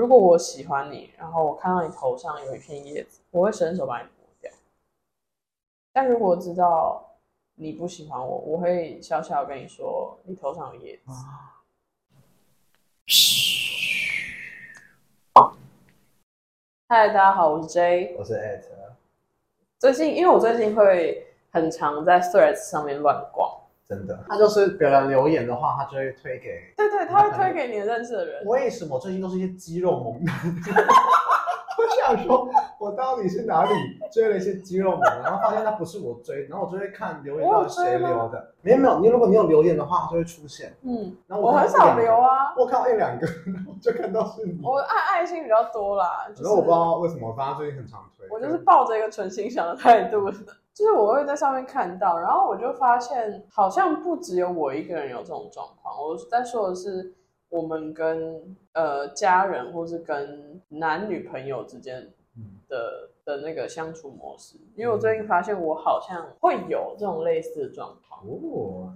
如果我喜歡你，然後我看到你頭上有一片葉子，我會伸手把你摸掉。但如果知道你不喜歡我，我會笑笑跟你說你頭上有葉子。噓。嗨 ，Hi，大家好，我是 J，我是 At。最近，因為我最近會很常在 Threads 上面亂逛。真的，他就是別人留言的話，他就會推給。對對，他會推給你認識的人。為什麼最近都是一些肌肉猛男？ 我想說，我到底是哪裡追了一些肌肉猛男， 然後發現他不是我追，然後我就會看留言都是誰留的。沒有沒有，你如果你有留言的話，他就會出現。嗯，然後我,我很少留啊。我看到一兩個，然後就看到是你。我愛愛心比較多啦。就是、可是我不知道為什麼我發現最近很常推。我就是抱着一個純欣賞的態度。 就是我會在上面看到，然後我就發現好像不只有我一個人有這種狀況。我在說的是我們跟呃家人或是跟男女朋友之間的的那個相處模式，因為我最近發現我好像會有這種類似的狀況。哦，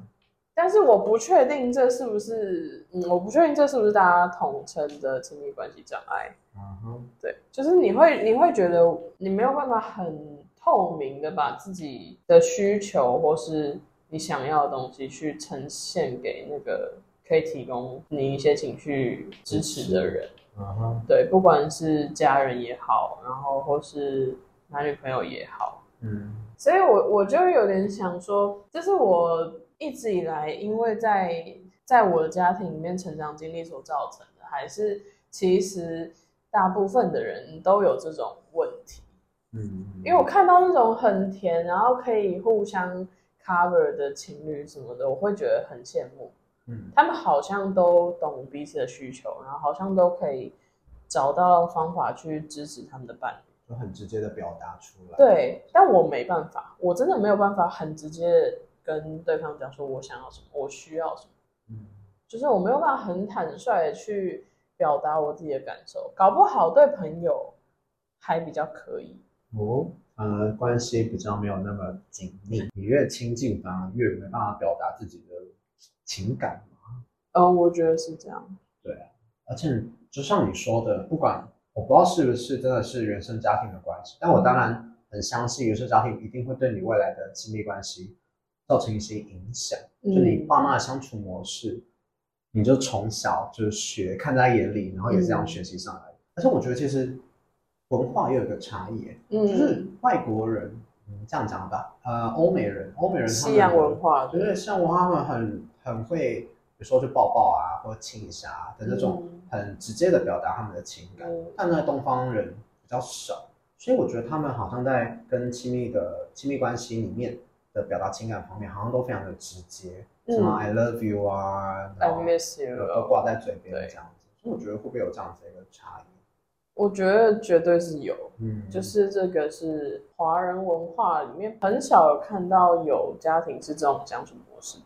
但是我不確定這是不是，嗯，我不確定這是不是大家統稱的親密關係障礙。嗯哼，對，就是你會你會覺得你沒有辦法很。透明的把自己的需求或是你想要的東西去呈現給那個可以提供你一些情緒支持的人，嗯啊、對，不管是家人也好，然後或是男女朋友也好，嗯，所以我我就有點想說，這、就是我一直以來因為在在我的家庭裡面成長經歷所造成的，還是其實大部分的人都有這種問題。嗯，因為我看到那種很甜，然後可以互相 cover 的情侶什麼的，我會覺得很羨慕。嗯，他們好像都懂彼此的需求，然後好像都可以找到方法去支持他們的伴侶，就很直接的表達出來。對，但我沒辦法，我真的沒有辦法很直接跟對方講說，我想要什麼，我需要什麼。嗯，就是我沒有辦法很坦率的去表達我自己的感受，搞不好對朋友還比較可以。哦，呃、嗯，關係比較沒有那麼緊密。你越親近，啊，反而越沒辦法表達自己的情感。嗯、啊哦，我覺得是這樣。對啊，而且就像你說的，不管我不知道是不是真的是原生家庭的關係，嗯、但我當然很相信原生家庭一定會對你未來的親密關係造成一些影響。嗯、就你爸媽的相處模式，你就從小就學，看在眼裡，然後也這樣學習上來。嗯、但是我覺得其實。文化也有一個差異。嗯，就是外國人、嗯，這樣講吧，呃，歐美人，歐美人他們，西洋文化，對，就是像他們很很會，比如說去抱抱啊，或者親一下、啊、的那種，很直接的表達他們的情感，嗯、但在東方人比較少，所以我覺得他們好像在跟親密的親密關係裡面的表達情感方面，好像都非常的直接，什麼、嗯、I love you 啊，I miss you，呃，掛在嘴邊對這樣子，所以我覺得會不會有這樣子一個差異？我覺得絕對是有，嗯，就是這個是華人文化裡面很少看到有家庭是這種相處模式，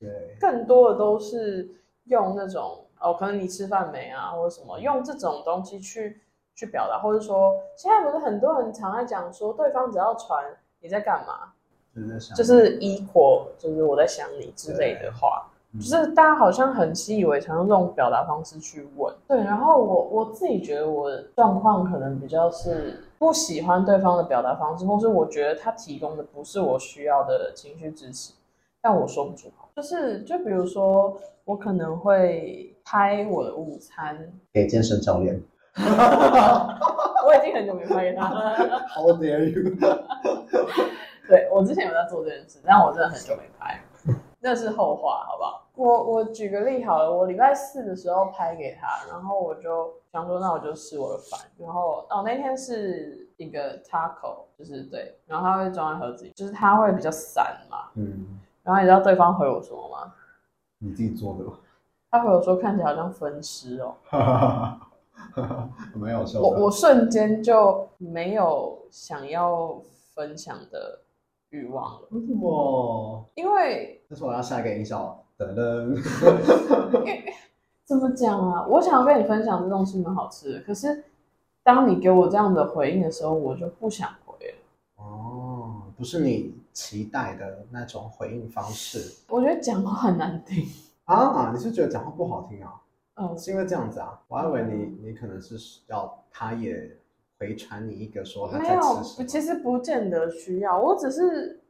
對，更多的都是用那種哦，可能你吃飯沒啊，或者什麼，用這種東西去去表達，或者說現在不是很多人常在講說，對方只要傳你在幹嘛，就是在想，equal 就是我在想你之類的話。就是大家好像很習以為常，用這種表達方式去問。對，然後我我自己覺得我的狀況可能比較是不喜歡對方的表達方式，或是我覺得他提供的不是我需要的情緒支持，但我說不出。就是，就比如說，我可能會拍我的午餐給健身教練。 我已經很久沒拍給他了，how dare you 對我之前有在做這件事，但我真的很久沒拍。那是後話，好不好？我我舉個例好了，我禮拜四的時候拍給他，然後我就想說，那我就試我的飯。然後哦，那天是一個 Taco，就是對，然後他會裝在盒子裡，就是它會比較散嘛。嗯。然後你知道對方回我說什麼嗎？你自己做的嗎？他回我說看起來好像分屍哦。哈哈哈，哈哈，沒有，我我瞬間就沒有想要分享的。慾望了。為什麼？因為那是我要下一個音效。等等 ，怎麼講啊？我想要跟你分享的東西蠻好吃的，可是當你給我這樣的回應的時候，我就不想回了。哦，不是你期待的那種回應方式。我覺得講話很難聽啊！啊，你是覺得講話不好聽啊？嗯、哦，是因為這樣子啊？我還以為你，嗯、你可能是要他也。回傳你一個說他在沒有，其實不見得需要。我只是，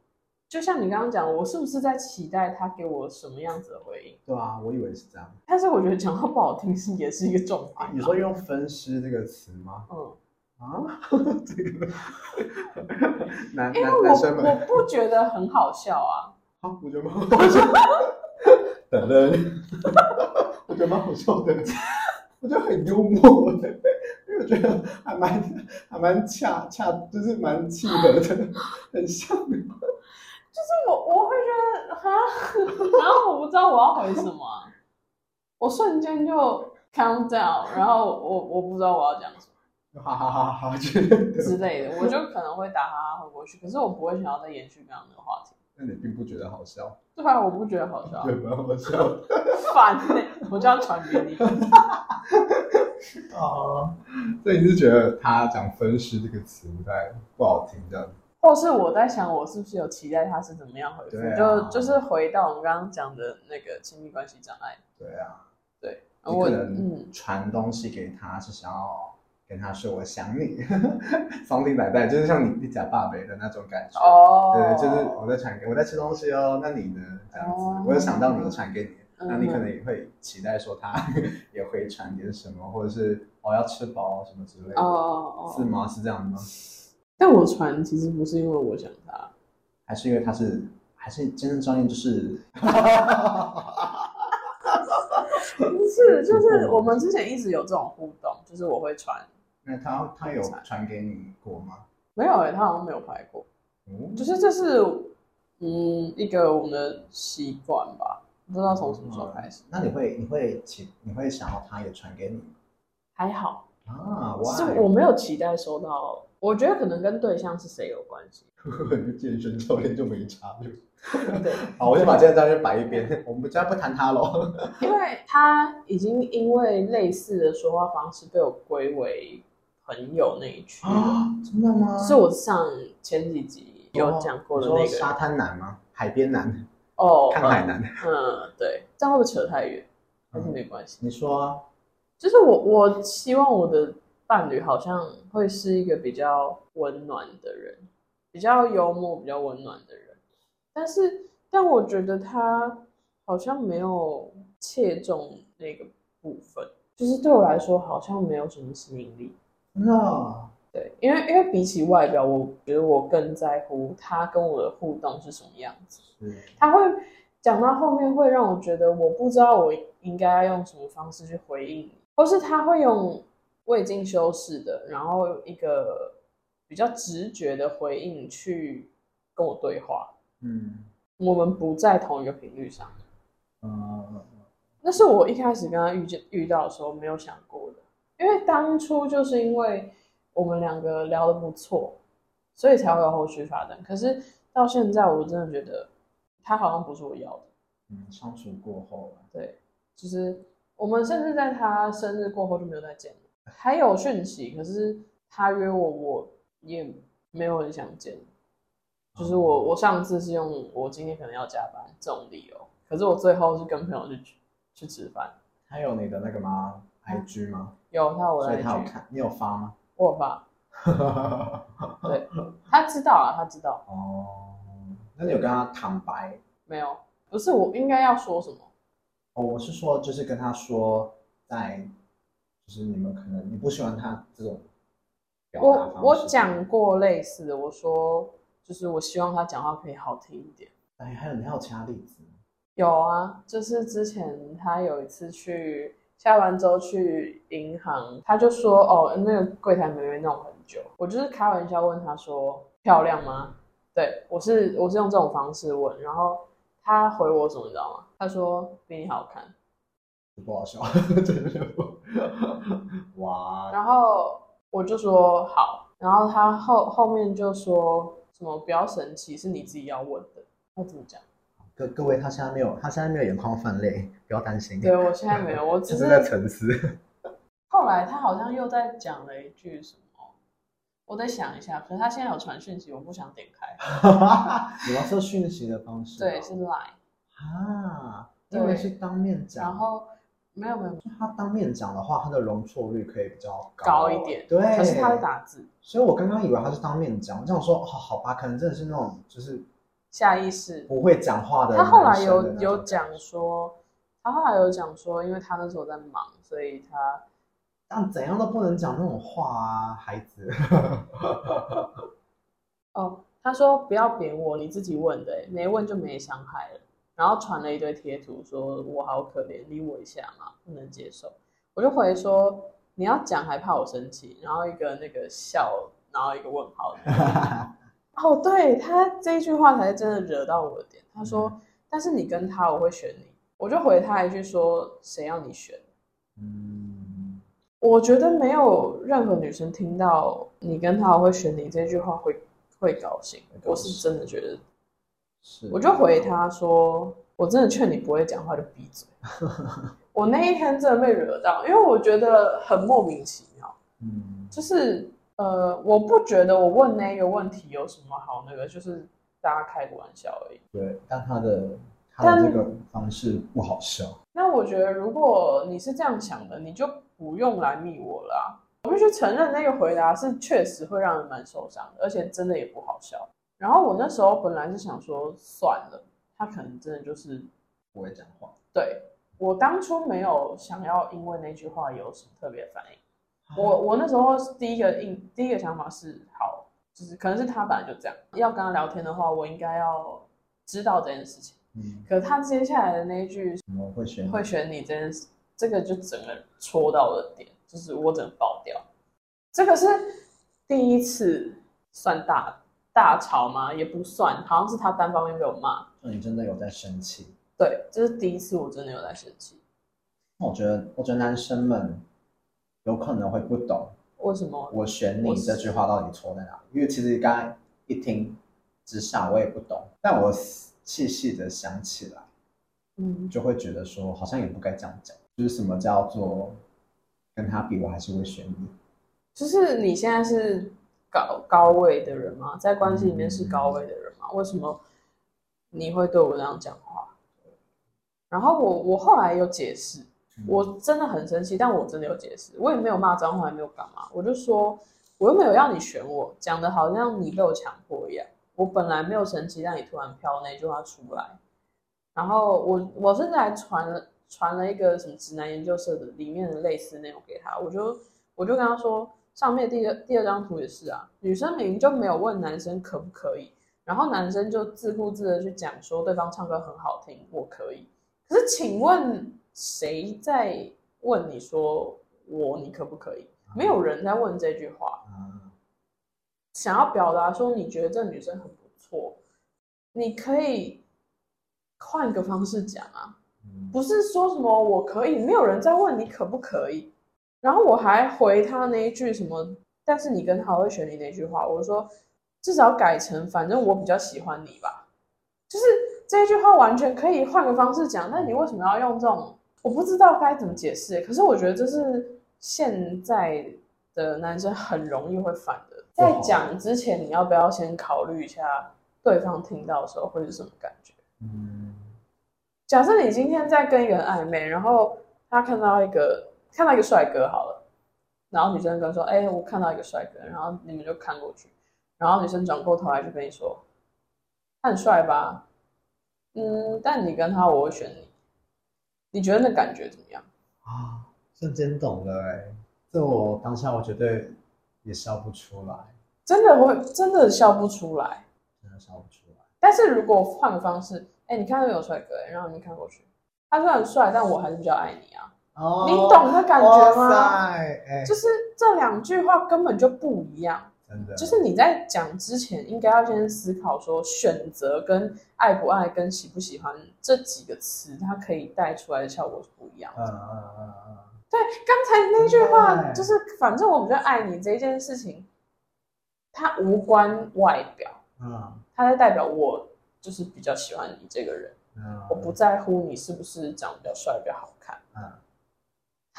就像你剛剛講，我是不是在期待他給我什麼樣子的回應？對啊，我以為是這樣。但是我覺得講到不好聽是也是一個重話、啊。你說用“分屍”這個詞嗎？嗯啊，這個男男男生們，我不覺得很好笑啊。好、啊，我覺得蠻好笑。等等我覺得蠻好笑的， 我覺得蠻好笑的 我覺得很幽默。 我覺得還蠻還蠻恰恰，就是蠻契合的，很像。 就是我我會覺得哈，然後我不知道我要回什麼、啊，我瞬間就 countdown，然後我我不知道我要講什麼，哈哈哈哈，之類的， 我就可能會打哈哈回過去，可是我不會想要再延續剛剛那個話題。那你並不覺得好笑，對啊，我不覺得好笑，也不好笑，煩呢、 欸，我就要傳給你， uh, 所以你是覺得他講“分屍”這個詞在不，不好聽，這樣？或是我在想，我是不是有期待他是怎麼樣回事？對啊、就就是回到我們剛剛講的那個親密關係障礙，對啊，對，我可能傳東西給他是想要。跟他說我想你，從頭奶到就是像你你假爸妹的那種感覺哦，oh. 對，就是我在傳，我在吃東西哦，那你呢？這樣子，oh. 我有想到你的傳給你，Okay. 那你可能也會期待說他也會傳點什麼，oh. 或者是哦要吃飽什麼之類的哦、oh. 是嗎？是這樣嗎？但我傳其實不是因為我想他，還是因為他是還是真正專業就是， 不是就是我們之前一直有這種互動，就是我會傳。那他他有傳給你過嗎？沒有誒、欸，他好像沒有拍過。哦、嗯，就是這是嗯一個我們的習慣吧，不知道從什麼時候開始。嗯嗯、那你會你會期你會想要他也傳給你？還好啊，我，是我沒有期待收到。我覺得可能跟對象是誰有關係。呵呵，健身教練就沒差就。 對，好，我先把健身教練擺一邊， 我們家不談他嘍。因為他已經因為類似的說話方式被我歸為朋友那一群、哦、真的嗎？是我上前幾集有講過的那個、哦、沙灘男嗎？海邊男哦，oh, 看海男、嗯。嗯，對，這樣會不會扯太遠，嗯、但是沒關係。你說、啊，就是我我希望我的伴侶好像會是一個比較溫暖的人，比較幽默、比較溫暖的人，但是但我覺得他好像沒有切中那個部分，就是對我來說好像沒有什麼吸引力。那 No. 對，因為因為比起外表，我覺得我更在乎他跟我的互動是什麼樣子。對，他會講到後面會讓我覺得我不知道我應該要用什麼方式去回應，或是他會用未經修飾的，然後一個比較直覺的回應去跟我對話。嗯，我們不在同一個頻率上。嗯，那是我一開始跟他遇見遇到的時候沒有想過。因為當初就是因為我們兩個聊得不錯，所以才會有後續發展。可是到現在，我真的覺得他好像不是我要的。嗯，相處過後了。對，就是我們甚至在他生日過後就沒有再見了。還有訊息，可是他約我，我也沒有很想見。就是我，我上次是用我今天可能要加班這種理由，可是我最後是跟朋友去去吃飯。還有你的那個嗎？IG 嗎？有他有來，所以他有看，你有發嗎？我有發， 對，他知道啊，他知道。哦，那你有跟他坦白？沒有，不是我應該要說什麼？哦，我是說，就是跟他說，在，就是你們可能你不喜歡他這種表達方式。我我講過類似的，我說就是我希望他講話可以好聽一點。哎，還有沒有其他例子？有啊，就是之前他有一次去。下完之後去銀行，他就說：“哦，那個櫃檯沒沒弄很久。”我就是開玩笑問他說：“漂亮嗎？”對，我是我是用這種方式問，然後他回我怎麼知道嗎？他說：“比你好看。”不好笑，真的不好笑。， 哇！然後我就說好，然後他後後面就說什麼不要生氣，是你自己要問的，他怎麼講。各位，他現在沒有，他現在沒有眼眶泛淚，不要擔心。對，嗯、我現在沒有，我只是，只是在沉思。後來他好像又在講了一句什麼，我得想一下。可是他現在有傳訊息，我不想點開。你要 說訊息的方式？對，是 Line。啊，因為是，是當面講，然後沒有沒有，沒有他當面講的話，他的容錯率可以比較高，高一點。對，可是他會打字，所以我剛剛以為他是當面講，這樣說，哦，好吧，可能真的是那種就是。下意識不會講話的。他後來有有講說，他後來有講說，因為他那時候在忙，所以他，但怎樣都不能講那種話啊，孩子。 哦，他說不要貶我，你自己問的，沒問就沒傷害了。然後傳了一堆貼圖說，說我好可憐，理我一下嘛，不能接受。我就回說，你要講還怕我生氣？然後一個那個笑，然後一個問號。 哦，對，他這一句話才是真的惹到我的點。他說：“嗯、但是你跟他，我會選你。”我就回他一句說：“誰要你選？”嗯，我覺得沒有任何女生聽到你跟他我會選你這句話會、嗯、會高興。我是真的覺得是、啊，我就回他說：“我真的勸你不會講話就閉嘴。” 我那一天真的被惹到，因為我覺得很莫名其妙。嗯，就是。呃，我不覺得我問那個問題有什麼好那個，就是大家開個玩笑而已。對，但他的他的這個方式不好笑。那我覺得，如果你是這樣想的，你就不用來密我了啊。我必須承認，那個回答是確實會讓人蠻受傷的，而且真的也不好笑。然後我那時候本來是想說，算了，他可能真的就是不會講話。對，我當初沒有想要因為那句話有什麼特別反應。我我那時候第一個印第一個想法是好，就是可能是他本來就這樣。要跟他聊天的話，我應該要知道這件事情。嗯。可他接下來的那一句什麼，嗯，會選會選你這件事，這個就整個戳到了點，就是我整個爆掉。這個是第一次算大大吵嗎？也不算，好像是他單方面被我罵。那，嗯，你真的有在生氣？對，這，就是第一次我真的有在生氣。我覺得，我覺得男生們。有可能會不懂，為什麼我選你這句話到底錯在哪？因為其實你剛才一聽之下我也不懂，但我細細的想起來，嗯，就會覺得說好像也不該這樣講，就是什麼叫做跟他比，我還是會選你。就是你現在是高高位的人嗎？在關係裡面是高位的人嗎？為什麼你會對我這樣講話？然後我我後來又解釋。我真的很生氣，但我真的有解釋，我也沒有罵髒話，也沒有幹嘛。我就說，我又沒有要你選我，講得好像你被我強迫一樣。我本來沒有生氣，但你突然飄那句話出來，然後我我甚至還傳了傳了一個什麼直男研究社的裡面的類似內容給他。我就我就跟他說，上面第二第二張圖也是啊，女生明明就沒有問男生可不可以，然後男生就自顧自的去講說對方唱歌很好聽，我可以。可是請問？誰在問你說我你可不可以？沒有人在問這句話。想要表達說你覺得這女生很不錯，你可以換個方式講啊，不是說什麼我可以。沒有人在問你可不可以。然後我還回他那一句什麼，但是你跟他會選你那句話，我說至少改成反正我比較喜歡你吧。就是這句話完全可以換個方式講，那你為什麼要用這種？我不知道該怎麼解釋，可是我覺得這是現在的男生很容易會犯的。在講之前，你要不要先考慮一下對方聽到的時候會是什麼感覺？嗯，假設你今天在跟一個人曖昧，然後他看到一個看到一個帥哥，好了，然後女生跟他說：“哎、欸，我看到一個帥哥。”然後你們就看過去，然後女生轉過頭來就跟你說：“他很帥吧？嗯，但你跟他，我會選你。”你覺得那感覺怎麼樣啊？瞬間懂了欸，這我當下我絕對也笑不出來，真的會真的笑不出來，真的笑不出來。但是如果換個方式，欸，你看那邊有帥哥欸，然後你看過去，他雖然帥，但我還是比較愛你啊。哦，你懂的感覺嗎？欸，就是這兩句話根本就不一樣。就是你在講之前，應該要先思考說，選擇跟愛不愛、跟喜不喜歡這幾個詞，它可以帶出來的效果是不一樣的。Uh, uh, uh, uh, uh. 對，剛才那句話就是，反正我比較愛你這一件事情，它無關外表，它在代表我就是比較喜歡你這個人，uh, uh, uh, uh. 我不在乎你是不是長得比較帥、比較好看，uh.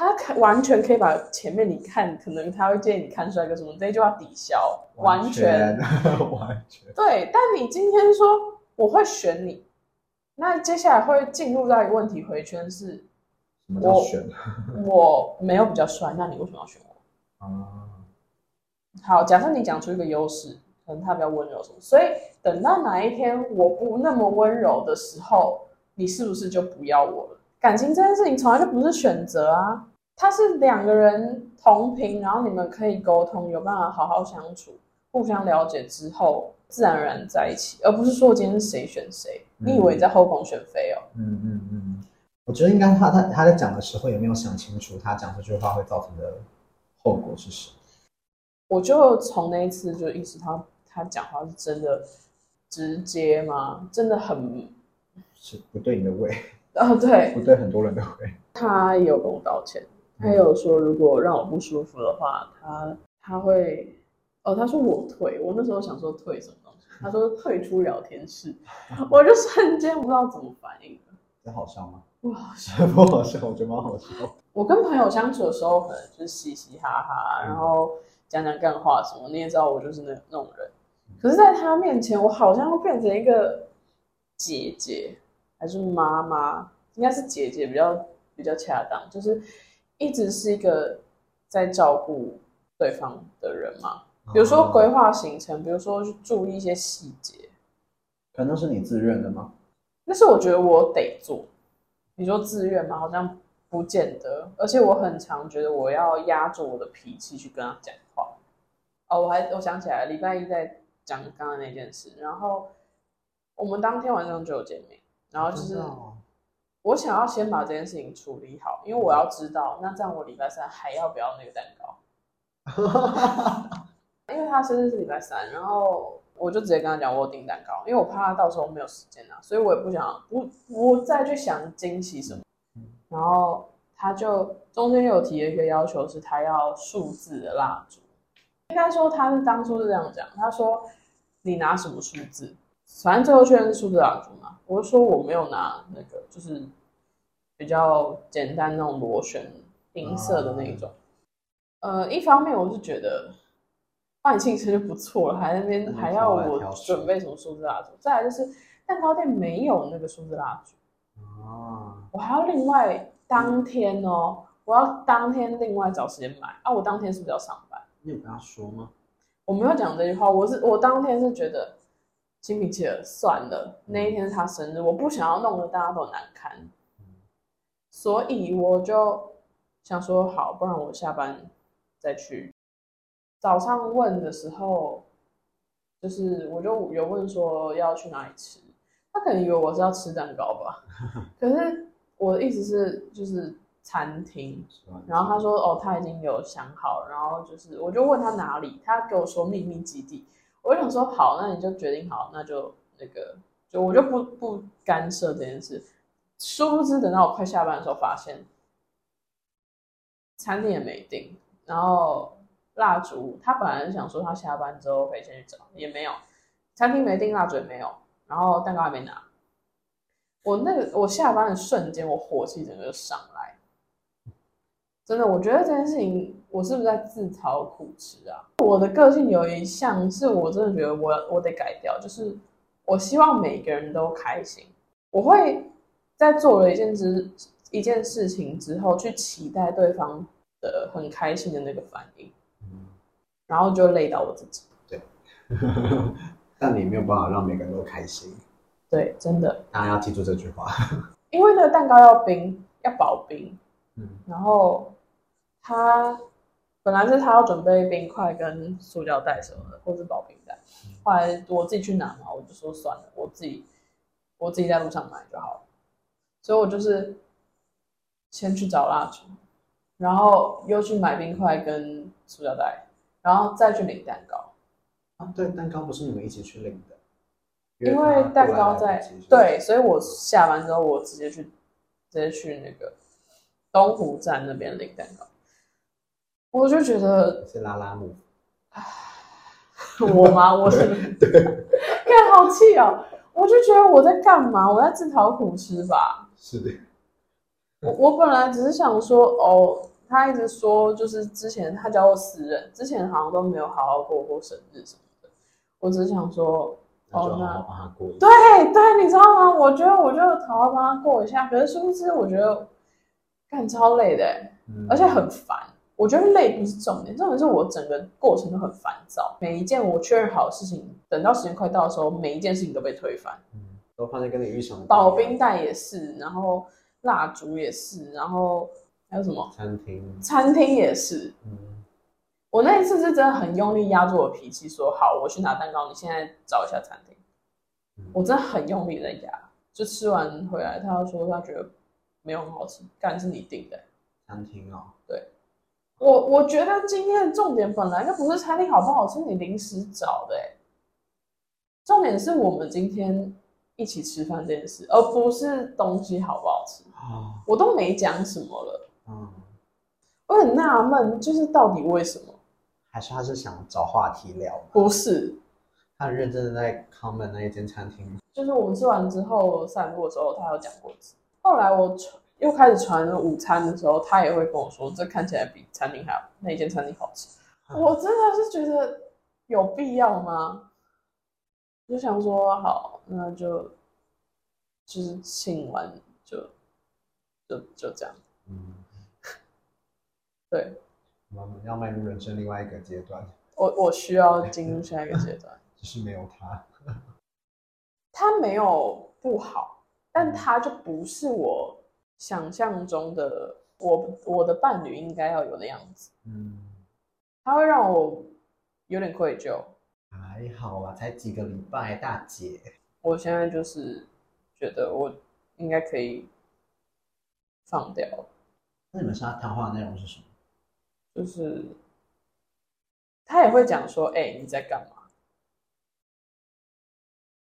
他完全可以把前面你看，可能他會建議你看帥哥什麼，這一句話抵消，完全完全，呵呵完全對。但你今天說我會選你，那接下來會進入到一個問題回圈是，我選。我， 我沒有比較帥，那你為什麼要選我？啊，好，假設你講出一個優勢，可能他比較溫柔什麼，所以等到哪一天我不那麼溫柔的時候，你是不是就不要我了？感情這件事情從來就不是選擇啊，他是兩個人同頻，然後你們可以溝通，有辦法好好相處，互相了解之後，自然而然在一起，而不是說我今天誰選誰。嗯、你以為在後宮選妃哦？嗯嗯嗯，我覺得應該他他他在講的時候有沒有想清楚，他講這句話會造成的後果是什麼。我就從那一次就意識到，他講話是真的直接嗎？真的很是不對你的胃。哦，對，不對，很多人都會。他也有跟我道歉，他也有說如果讓我不舒服的話，嗯、他他會，哦，他說我退，我那時候想說退什麼東西，他說退出聊天室，嗯、我就瞬間不知道怎麼反應。這好笑嗎？不好笑， 不好笑，我覺得蠻好笑。我跟朋友相處的時候，可能就是嘻嘻哈哈，嗯、然後講講幹話什麼，你也知道我就是那那種人。嗯、可是，在他面前，我好像會變成一個姐姐。還是媽媽，應該是姐姐比較比較恰當，就是一直是一個在照顧對方的人嘛。比如說規劃行程，哦，比如說去注意一些細節。那都是你自願的嗎？但是我覺得我得做。你說自願嗎？好像不見得。而且我很常覺得我要壓着我的脾氣去跟他講話。哦，我還我想起來，禮拜一在講剛剛那件事，然後我們當天晚上就有見面。然後就是，我想要先把這件事情處理好，因為我要知道，那這樣我禮拜三還要不要那個蛋糕？ 因為他生日是禮拜三，然後我就直接跟他講，我訂蛋糕，因為我怕他到時候沒有時間吶、啊，所以我也不想不不再去想驚喜什麼。然後他就中間有提了一個要求，是他要數字的蠟燭。應該說他是當初是這樣講，他說你拿什麼數字？反正最後確認是數字蠟燭嘛，我是說我沒有拿那個，就是比較簡單那種螺旋銀色的那一種。啊、呃，一方面我是覺得辦慶生就不錯了，還那邊還要我準備什麼數字蠟燭？再來就是蛋糕店沒有那個數字蠟燭、嗯、我還要另外當天哦、喔，我要當天另外找時間買啊！我當天是不是要上班？你有跟他說嗎？我沒有講這句話，我是我當天是覺得。心平氣和算了。那一天是他生日，我不想要弄得大家都難堪，所以我就想說好，不然我下班再去。早上問的時候，就是我就有問說要去哪裡吃，他可能以為我是要吃蛋糕吧。可是我的意思是就是餐廳， 然後他說哦，他已經有想好，然後就是我就問他哪裡，他給我說秘密基地。我想說好，那你就決定好，那就那個，就我就不不干涉這件事。殊不知，等到我快下班的時候，發現餐廳也沒訂，然後蠟燭他本來想說他下班之後可以先去找，也沒有，餐廳沒訂，蠟燭也沒有，然後蛋糕還沒拿。我那個我下班的瞬間，我火氣整個就上來。真的，我覺得這件事情，我是不是在自討苦吃啊？我的個性有一項是我真的覺得我我得改掉，就是我希望每個人都開心。我會在做了一件之一件事情之後，去期待對方的很開心的那個反應，然後就累到我自己。嗯、對， 但你沒有辦法讓每個人都開心。對，真的。當然、啊、要記住這句話， 因為那個蛋糕要冰，要保冰。嗯、然後。他本來是他要準備冰塊跟塑膠袋什麼的，或者是保冰袋。後來我自己去拿嘛，我就說算了，我自己我自己在路上買就好了。所以，我就是先去找蠟燭，然後又去買冰塊跟塑膠袋，然後再去領蛋糕。啊，對，蛋糕不是你們一起去領的，因為蛋糕在，蛋糕在對，所以我下班之後我直接去直接去那個東湖站那邊領蛋糕。我就覺得是拉拉我嗎？我是 對，好氣哦、啊。我就覺得我在幹嘛？我在自討苦吃吧？是的，我我本來只是想說，哦，他一直說，就是之前他叫我死人，之前好像都沒有好好過過生日什麼的，我只是想說，那對對，你知道嗎？我覺得，我就好好幫他過一下。可是殊不知，我覺得幹超累的、欸，嗯、而且很煩。我覺得累不是重點，重點是我整個過程都很煩躁。每一件我確認好的事情，等到時間快到的時候，每一件事情都被推翻，嗯、都放在跟你預想保冰袋也是，然後蠟燭也是，然後還有什麼？餐廳。餐廳也是。嗯，我那一次是真的很用力壓住我脾氣，說好，我去拿蛋糕，你現在找一下餐廳。嗯、我真的很用力在壓，就吃完回來，他說他覺得沒有很好吃，但是你定的、欸、餐廳哦。對。我我覺得今天的重點本來就不是餐廳好不好吃，你臨時找的、欸。重點是我們今天一起吃飯這件事，而不是東西好不好吃啊。哦、我都沒講什麼了。嗯、我很納悶，就是到底為什麼？還是他是想找話題聊？不是，他很認真的在康本那一間餐廳。就是我們吃完之後散步的時候，他有講過一次。後來我。又開始傳午餐的時候，他也會跟我說：“這看起來比餐廳還好那一間餐廳好吃。”我真的是覺得有必要嗎？就想說好，那就就是請完就就就這樣。嗯， 對，我們要邁入人生另外一個階段。我我需要進入下一個階段，只對 是沒有他， 他沒有不好，但他就不是我。想象中的我，我的伴侶應該要有那樣子。嗯，他會讓我有點愧疚。還好吧、啊，才幾個禮拜，大姐。我現在就是覺得我應該可以放掉。那你們現在談話的內容是什麼？就是他也會講說：“哎、欸，你在幹嘛？”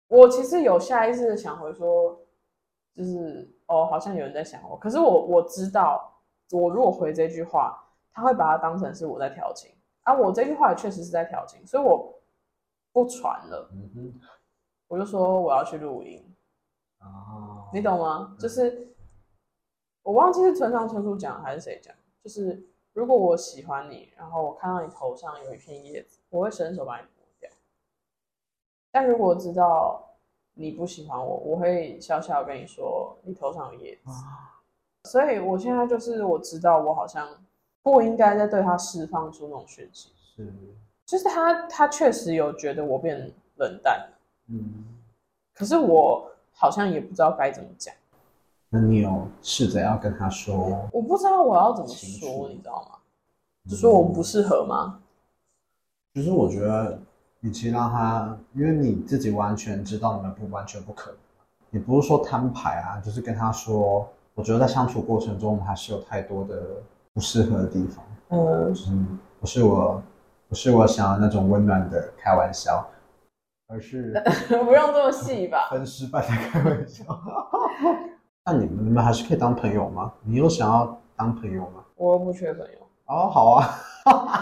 我其實有下意識的想回說。就是哦，好像有人在想我，可是我我知道，我如果回這句話，他會把它當成是我在調情啊。我這句話也確實是在調情，所以我不傳了。嗯嗯哼，我就說我要去錄音。哦，你懂嗎？對就是我忘記是村上春樹講還是誰講，就是如果我喜歡你，然後我看到你頭上有一片葉子，我會伸手把你撥掉。但如果知道。你不喜歡我，我會笑笑跟你說，你頭上有葉子。啊、所以我現在就是我知道，我好像不應該再對他釋放出那種訊息。是，就是他，他確實有覺得我變冷淡。嗯，可是我好像也不知道該怎麼講。那你有試着要跟他說？我不知道我要怎麼說，你知道嗎？嗯、就說我不適合嗎？其實我覺得。與其讓他，因為你自己完全知道你們不完全不可能，也不是說攤牌啊，就是跟他說，我覺得在相處過程中還是有太多的不適合的地方。嗯，是，不是我，不是我想要那種溫暖的開玩笑，而是 不用這麼細吧？很失敗的開玩笑。 那你們你們還是可以當朋友嗎？你有想要當朋友嗎？我又不缺朋友。哦，oh, 好啊。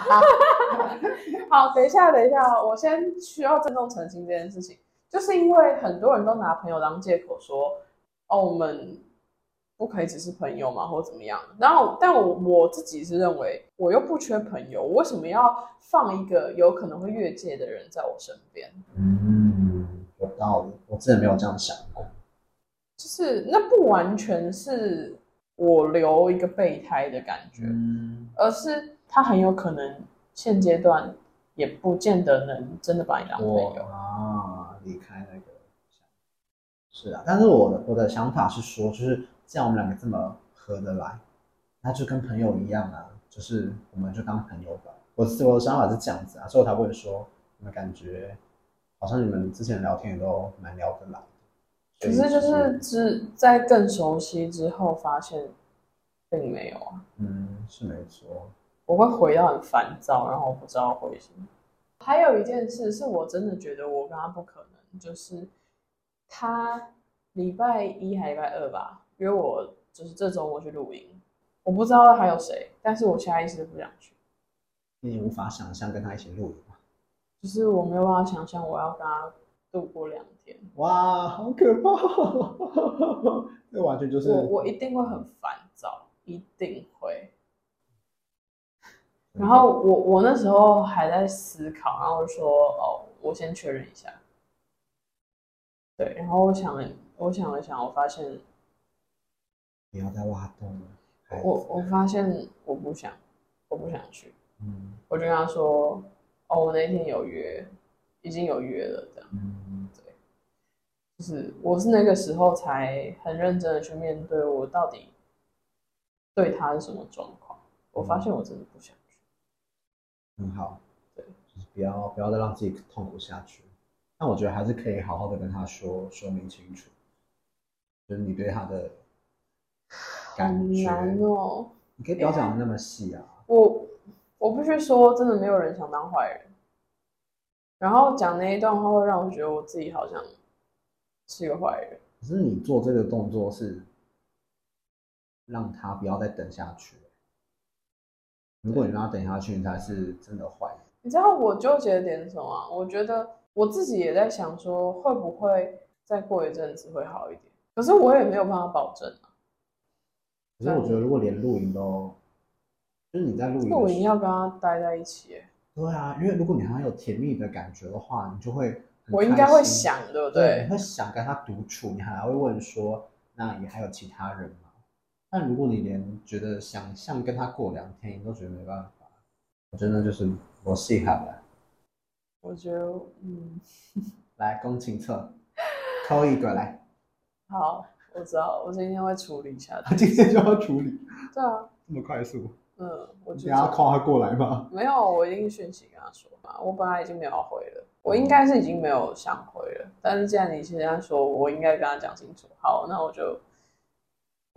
好，等一下，等一下我先需要鄭重澄清這件事情，就是因為很多人都拿朋友當借口說，哦，我們不可以只是朋友嘛，或者怎麼樣。然後，但我我自己是認為，我又不缺朋友，我為什麼要放一個有可能會越界的人在我身邊？嗯，有道理，我真的沒有這樣想過。就是那不完全是我留一個備胎的感覺，嗯，而是他很有可能。現階段也不見得能真的把你當朋友啊，離開那個是啊，但是我的我的想法是說，就是既然我們兩個這麼合得來，那就跟朋友一樣啊，就是我們就當朋友吧。我我的想法是這樣子。啊。所以他會說：“你們感覺好像你們之前聊天也都蠻聊得來。”其實、就是、就是只在更熟悉之後發現並沒有啊。嗯，是沒錯。我會回到很煩躁，然後我不知道回什麼。還有一件事，是我真的覺得我跟他不可能，就是他禮拜一還禮拜二吧約我，就是這週我去錄音，我不知道還有誰，但是我下意識不想去。你無法想象跟他一起錄音嗎？就是我沒有辦法想象我要跟他度過兩天。哇，好可怕！ 這完全就是我，我一定會很煩躁，嗯、一定會。然後我我那時候還在思考，然後就說哦，我先確認一下，對，然後我想了我想了想，我發現不要再挖洞了，我我發現我不想，我不想去，嗯、我就跟他說哦，我那天有約，已經有約了，這樣，嗯、對，就是我是那個時候才很認真的去面對我到底對他是什麼狀況，嗯、我發現我真的不想。很好，對，就是不要不要再讓自己痛苦下去。但我覺得還是可以好好的跟他說，說明清楚，就是你對他的感覺。很難哦。你可以不要講的那麼細啊。欸，我我不是說，真的沒有人想當壞人。然後講那一段話會讓我覺得我自己好像是個壞人。可是你做這個動作是讓他不要再等下去。如果你讓他等一下去，他是真的壞。你知道我糾結點是什麼？我覺得我自己也在想說，會不會再過一陣子會好一點？可是我也沒有辦法保證啊。嗯、是，可是我覺得，如果連露營都，就是你在露營，露營要跟他待在一起，欸。對啊，因為如果你還有甜蜜的感覺的話，你就會，我應該會想的，對不對？對，你會想跟他獨處，你還會問說，那你還有其他人嗎？但如果你連覺得想象跟他過兩天你都覺得沒辦法，我真的就是我細看了。我覺得，嗯， 來公情測，扣一個來。好，我知道，我今天會處理一下。他今天就要處理？ 對啊，這麼快速？嗯，我就。你要誇他過來嗎？沒有，我一定訊息跟他說啊。我本來已經沒有回了，我應該是已經沒有想回了。嗯、但是既然你現在說，我應該跟他講清楚。好，那我就。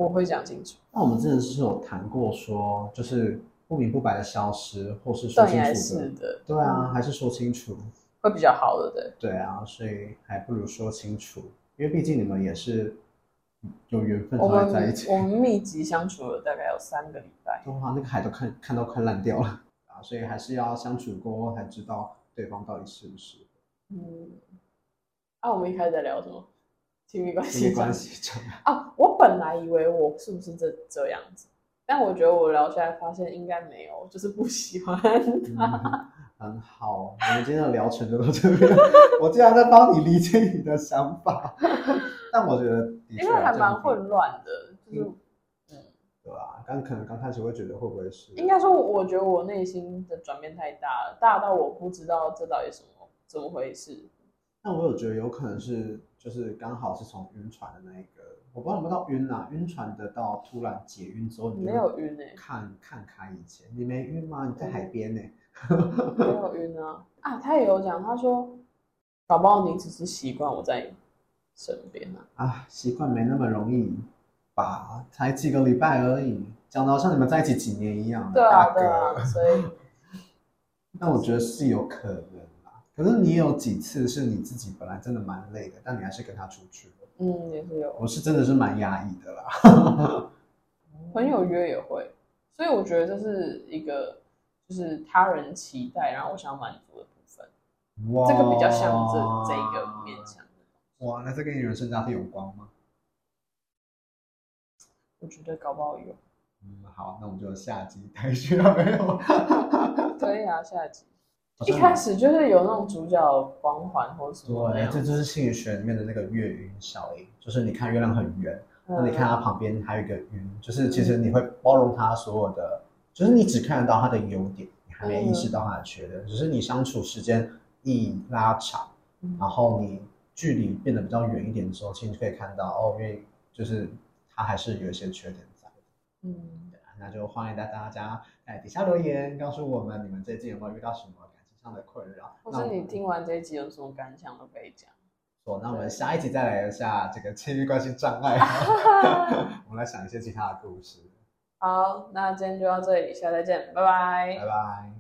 我會講清楚。那我們之前是不是有談過說，說就是不明不白的消失，或是說清楚的？的對啊，嗯、還是說清楚會比較好的，的，對。對啊，所以還不如說清楚，因為畢竟你們也是有緣分才會在一起我。我們密集相處了大概有三個禮拜。哇，那個海都看看到快爛掉了 啊！所以還是要相處過後才知道對方到底是不是。嗯。那、啊、我們一開始在聊什麼？親密關係樣啊，我本來以為我是不是這這樣子，但我覺得我聊下來發現應該沒有，就是不喜歡他。嗯。很好，我 們今天的療程就到這邊。 我竟然在幫你理解你的想法，但我覺得因為還蠻混亂的，就是，嗯、對啊，但可能剛開始會覺得會不會是應該說，我覺得我內心的轉變太大了，大到我不知道這到底什麼怎麼回事。但我有覺得有可能是。就是剛好是從暈船的那一個，我不知道有沒有到暈啊，暈船的到突然解暈之後你，你沒有暈呢、欸？看看開以前，你沒暈嗎？你在海邊呢、欸？ 沒有暈啊！啊，他也有講，他說，寶寶，你只是習慣我在身邊啊。啊，習慣沒那麼容易吧？才幾個禮拜而已，講的好像你們在一起幾年一樣。對啊，啊所以， 那我覺得是有可能。可是你有幾次是你自己本來真的蠻累的，但你還是跟他出去了。嗯，也是有。我是真的是蠻壓抑的啦。嗯、 朋友約也會，所以我覺得這是一個就是他人期待，然後我想要滿足的部分。哇，這個比較像這這一個勉強。哇，那這個女人身上有光嗎？我覺得搞不好有。嗯，好，那我們就下集再見了，沒有？對 啊，下集。一開始就是有那種主角光環或者什麼，對，這就是心理學裡面的那個月暈效應。就是你看月亮很圓，那你看它旁邊還有一個暈，嗯、就是其實你會包容它所有的，就是你只看得到它的優點，嗯、你還沒意識到它的缺點。只、嗯、是你相處時間一拉長，然後你距離變得比較遠一點的時候，其實你可以看到哦，因為就是他還是有一些缺點在。嗯對，那就歡迎大家在底下留言，告訴我們你們最近有沒有遇到什麼的困擾，或者聽完這一集有什麼感想都可以講。說那我們下一集再來一下這個親密關係障礙， 我們來想一些其他的故事。好，那今天就到這裡，下次再見，拜拜，拜拜。